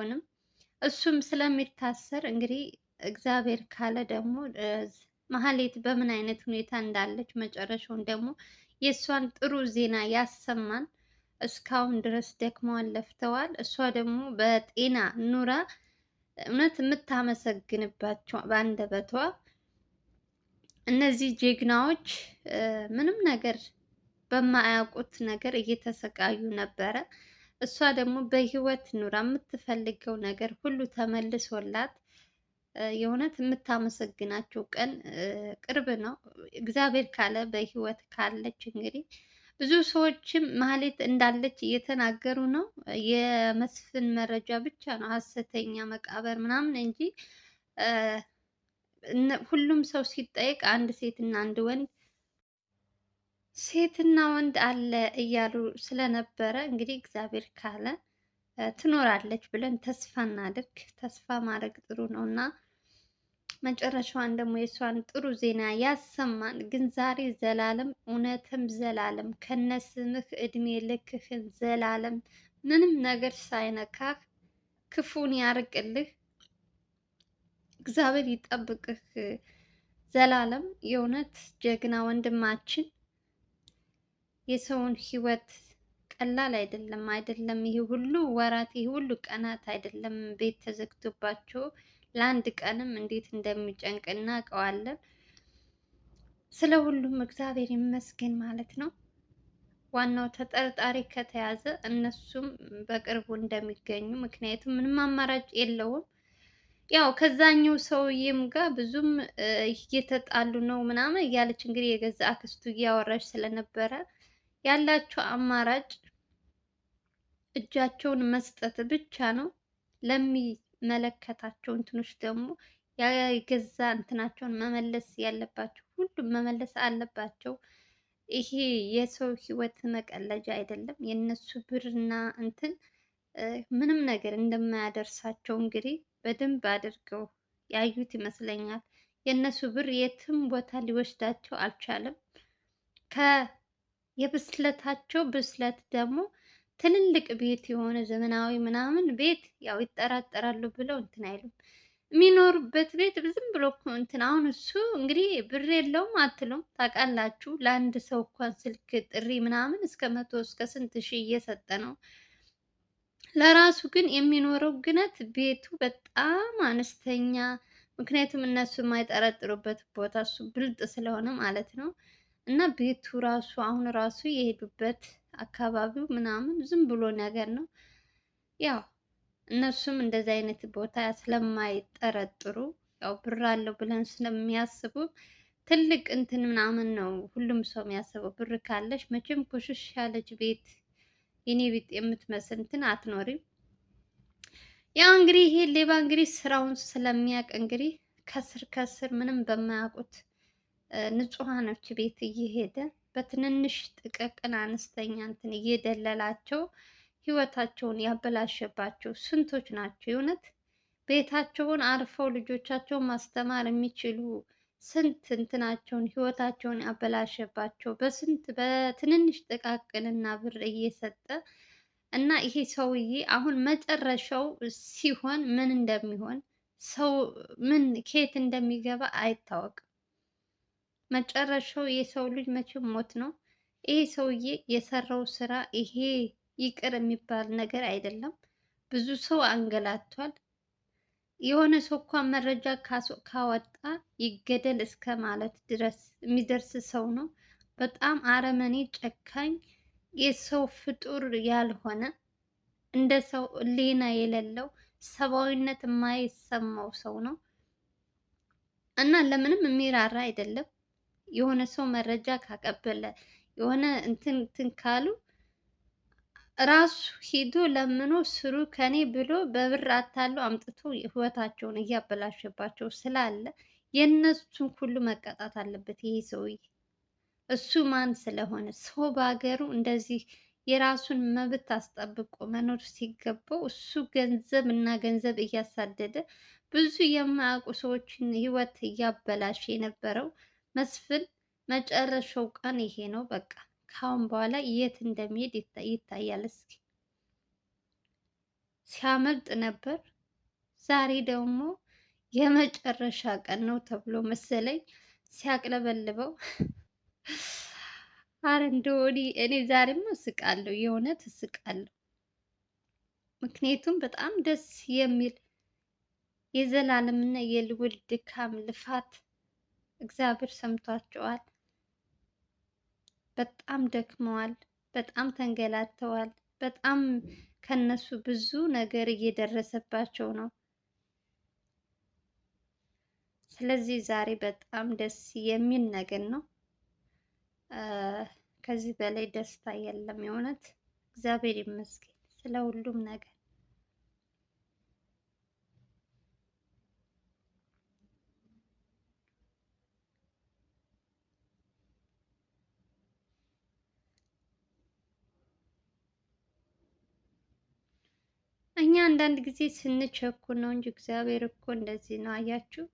ሆንም እሱም ስለሚታሰር እንግዲህ እግዚአብሔር ካለ ደግሞ መሀሌት በምን አይነት ሁኔታ እንዳለች መጨረሻውን ደግሞ የእሷን ጥሩ ዜና ያሰማን። እስካሁን ድረስ ደክመዋል፣ ለፍተዋል። እሷ ደግሞ በጤና ኑራ እውነት የምታመሰግንባቸው በአንደበቷ እነዚህ ጀግናዎች ምንም ነገር በማያውቁት ነገር እየተሰቃዩ ነበረ። እሷ ደግሞ በህይወት ኑራ የምትፈልገው ነገር ሁሉ ተመልሶላት የእውነት የምታመሰግናቸው ቀን ቅርብ ነው። እግዚአብሔር ካለ በህይወት ካለች እንግዲህ ብዙ ሰዎችም ማህሌት እንዳለች እየተናገሩ ነው። የመስፍን መረጃ ብቻ ነው ሀሰተኛ መቃብር ምናምን እንጂ ሁሉም ሰው ሲጠይቅ አንድ ሴት እና አንድ ወንድ ሴትና ወንድ አለ እያሉ ስለነበረ እንግዲህ እግዚአብሔር ካለ ትኖራለች ብለን ተስፋ እናድርግ። ተስፋ ማድረግ ጥሩ ነው እና መጨረሻዋን ደግሞ የእሷን ጥሩ ዜና ያሰማን። ግን ዛሬ ዘላለም እውነትም ዘላለም ከነስምህ እድሜ ልክህን ዘላለም ምንም ነገር ሳይነካህ ክፉን ያርቅልህ፣ እግዚአብሔር ይጠብቅህ። ዘላለም የእውነት ጀግና ወንድማችን የሰውን ህይወት ቀላል አይደለም አይደለም። ይሄ ሁሉ ወራት ይሄ ሁሉ ቀናት አይደለም ቤት ተዘግቶባቸው ለአንድ ቀንም እንዴት እንደሚጨንቅ እናውቀዋለን። ስለ ሁሉም እግዚአብሔር ይመስገን ማለት ነው። ዋናው ተጠርጣሪ ከተያዘ እነሱም በቅርቡ እንደሚገኙ ምክንያቱም ምንም አማራጭ የለውም። ያው ከዛኛው ሰውዬም ጋር ብዙም እየተጣሉ ነው ምናምን እያለች እንግዲህ የገዛ አክስቱ እያወራች ስለነበረ ያላቸው አማራጭ እጃቸውን መስጠት ብቻ ነው። ለሚመለከታቸው እንትኖች ደግሞ የገዛ እንትናቸውን መመለስ ያለባቸው ሁሉም መመለስ አለባቸው። ይሄ የሰው ህይወት መቀለጃ አይደለም። የእነሱ ብርና እንትን ምንም ነገር እንደማያደርሳቸው እንግዲህ በደንብ አድርገው ያዩት ይመስለኛል። የእነሱ ብር የትም ቦታ ሊወስዳቸው አልቻለም። የብስለታቸው ብስለት ደግሞ ትልልቅ ቤት የሆነ ዘመናዊ ምናምን ቤት ያው ይጠራጠራሉ ብለው እንትን አይሉም። የሚኖሩበት ቤት ዝም ብሎ እንትን አሁን እሱ እንግዲህ ብር የለውም አትሉም ታውቃላችሁ። ለአንድ ሰው እንኳን ስልክ ጥሪ ምናምን እስከ መቶ እስከ ስንት ሺህ እየሰጠ ነው። ለራሱ ግን የሚኖረው ግነት ቤቱ በጣም አነስተኛ ምክንያቱም እነሱ የማይጠረጥሩበት ቦታ እሱ ብልጥ ስለሆነ ማለት ነው። እና ቤቱ ራሱ አሁን ራሱ የሄዱበት አካባቢው ምናምን ዝም ብሎ ነገር ነው። ያው እነሱም እንደዚህ አይነት ቦታ ስለማይጠረጥሩ ያው ብር አለው ብለን ስለሚያስቡ ትልቅ እንትን ምናምን ነው ሁሉም ሰው የሚያስበው። ብር ካለሽ መቼም ኮሽሽ ያለች ቤት የኔ ቤት የምትመስል እንትን አትኖሪም። ያው እንግዲህ ይሄ ሌባ እንግዲህ ስራውን ስለሚያውቅ እንግዲህ ከስር ከስር ምንም በማያውቁት ንጹሐኖች ቤት እየሄደ በትንንሽ ጥቃቅን አነስተኛ እንትን እየደለላቸው ህይወታቸውን ያበላሸባቸው ስንቶች ናቸው። የእውነት ቤታቸውን አርፈው ልጆቻቸውን ማስተማር የሚችሉ ስንት እንትናቸውን ህይወታቸውን ያበላሸባቸው በስንት በትንንሽ ጥቃቅንና ብር እየሰጠ እና ይሄ ሰውዬ አሁን መጨረሻው ሲሆን ምን እንደሚሆን ሰው ምን ከየት እንደሚገባ አይታወቅም። መጨረሻው የሰው ልጅ መቼም ሞት ነው። ይሄ ሰውዬ የሰራው ስራ ይሄ ይቅር የሚባል ነገር አይደለም። ብዙ ሰው አንገላቷል። የሆነ ሰው እኳ መረጃ ካወጣ ይገደል እስከ ማለት ድረስ የሚደርስ ሰው ነው። በጣም አረመኔ፣ ጨካኝ፣ የሰው ፍጡር ያልሆነ እንደ ሰው ሕሊና የሌለው ሰብአዊነት የማይሰማው ሰው ነው እና ለምንም የሚራራ አይደለም። የሆነ ሰው መረጃ ካቀበለ የሆነ እንትን እንትን ካሉ ራሱ ሂዶ ለምኖ ስሩ ከኔ ብሎ በብር አታሎ አምጥቶ ህይወታቸውን እያበላሸባቸው ስላለ የእነሱን ሁሉ መቀጣት አለበት ይሄ ሰውዬ። እሱ ማን ስለሆነ ሰው በሀገሩ እንደዚህ የራሱን መብት አስጠብቆ መኖር ሲገባው እሱ ገንዘብ እና ገንዘብ እያሳደደ ብዙ የማያውቁ ሰዎችን ህይወት እያበላሸ የነበረው መስፍን መጨረሻው ቀን ይሄ ነው። በቃ ከአሁን በኋላ የት እንደሚሄድ ይታያል። እስኪ ሲያመልጥ ነበር፣ ዛሬ ደግሞ የመጨረሻ ቀን ነው ተብሎ መሰለኝ ሲያቅለበልበው። አረ እንደው እኔ ዛሬም እስቃለሁ፣ የእውነት እስቃለሁ። ምክንያቱም በጣም ደስ የሚል የዘላለምና እና ድካም ልፋት እግዚአብሔር ሰምቷቸዋል። በጣም ደክመዋል። በጣም ተንገላተዋል። በጣም ከነሱ ብዙ ነገር እየደረሰባቸው ነው። ስለዚህ ዛሬ በጣም ደስ የሚል ነገር ነው። ከዚህ በላይ ደስታ የለም። የእውነት እግዚአብሔር ይመስገን ስለ ሁሉም ነገር። እኛ አንዳንድ ጊዜ ስንቸኩል ነው እንጂ እግዚአብሔር እኮ እንደዚህ ነው። አያችሁ፣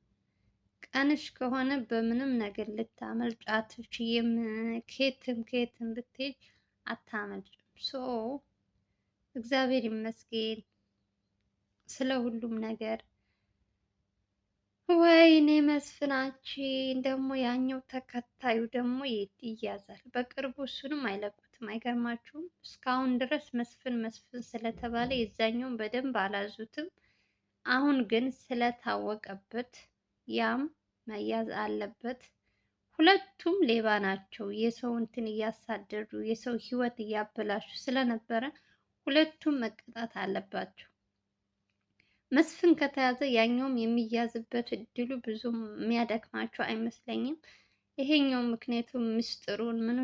ቀንሽ ከሆነ በምንም ነገር ልታመልጭ አትችይም። ከየትም ከየትም ብትሄድ አታመልጭም። ሶ እግዚአብሔር ይመስገን ስለ ሁሉም ነገር። ወይኔ መስፍናች ደግሞ ያኛው ተከታዩ ደግሞ ይያዛል። በቅርቡ እሱንም አይለቁትም። አይገርማችሁም? እስካሁን ድረስ መስፍን መስፍን ስለተባለ የዛኛውን በደንብ አላዙትም። አሁን ግን ስለታወቀበት ያም መያዝ አለበት። ሁለቱም ሌባ ናቸው። የሰው እንትን እያሳደዱ የሰው ህይወት እያበላሹ ስለነበረ ሁለቱም መቀጣት አለባቸው። መስፍን ከተያዘ ያኛውም የሚያዝበት እድሉ ብዙ የሚያደክማቸው አይመስለኝም። ይሄኛው ምክንያቱም ምስጢሩን ምኑ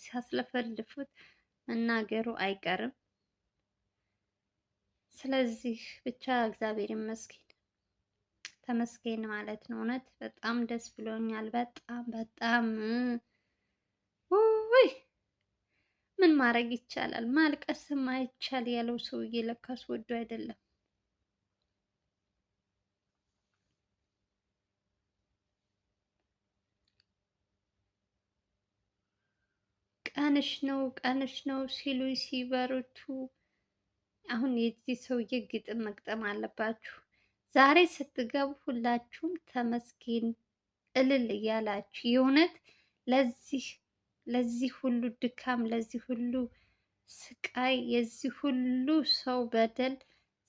ሲያስለፈልፉት መናገሩ አይቀርም። ስለዚህ ብቻ እግዚአብሔር ይመስገን ተመስገን ማለት ነው። እውነት በጣም ደስ ብሎኛል። በጣም በጣም ውይ ምን ማድረግ ይቻላል? ማልቀስም አይቻል ያለው ሰውዬ ለካስ ወዶ አይደለም። ቀንሽ ነው ቀንሽ ነው ሲሉ ሲበርቱ፣ አሁን የዚህ ሰውዬ ግጥም መግጠም አለባችሁ። ዛሬ ስትገቡ ሁላችሁም ተመስገን እልል እያላችሁ የእውነት ለዚህ ለዚህ ሁሉ ድካም ለዚህ ሁሉ ስቃይ የዚህ ሁሉ ሰው በደል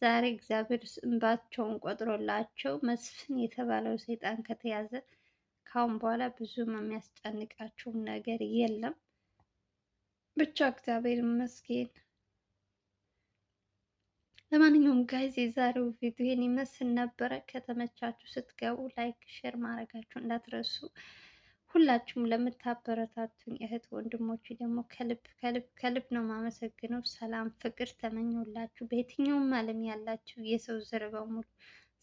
ዛሬ እግዚአብሔር እንባቸውን ቆጥሮላቸው መስፍን የተባለው ሰይጣን ከተያዘ ካሁን በኋላ ብዙም የሚያስጨንቃቸውም ነገር የለም። ብቻ እግዚአብሔር ይመስገን። ለማንኛውም ጋይዝ የዛሬው ቪዲዮ ይህን ይመስል ነበረ። ከተመቻችሁ ስትገቡ ላይክ፣ ሼር ማድረጋችሁ እንዳትረሱ። ሁላችሁም ለምታበረታቱኝ እህት ወንድሞች ደግሞ ከልብ ከልብ ከልብ ነው ማመሰግነው። ሰላም ፍቅር ተመኘሁላችሁ። በየትኛውም ዓለም ያላችሁ የሰው ዘር በሙሉ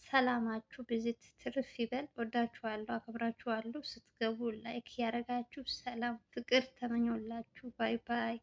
ሰላማችሁ ብዜት ትርፍ ይበል። ወዳችኋለሁ፣ አከብራችኋለሁ። ስትገቡ ላይክ ያደረጋችሁ ሰላም ፍቅር ተመኞላችሁ። ባይ ባይ።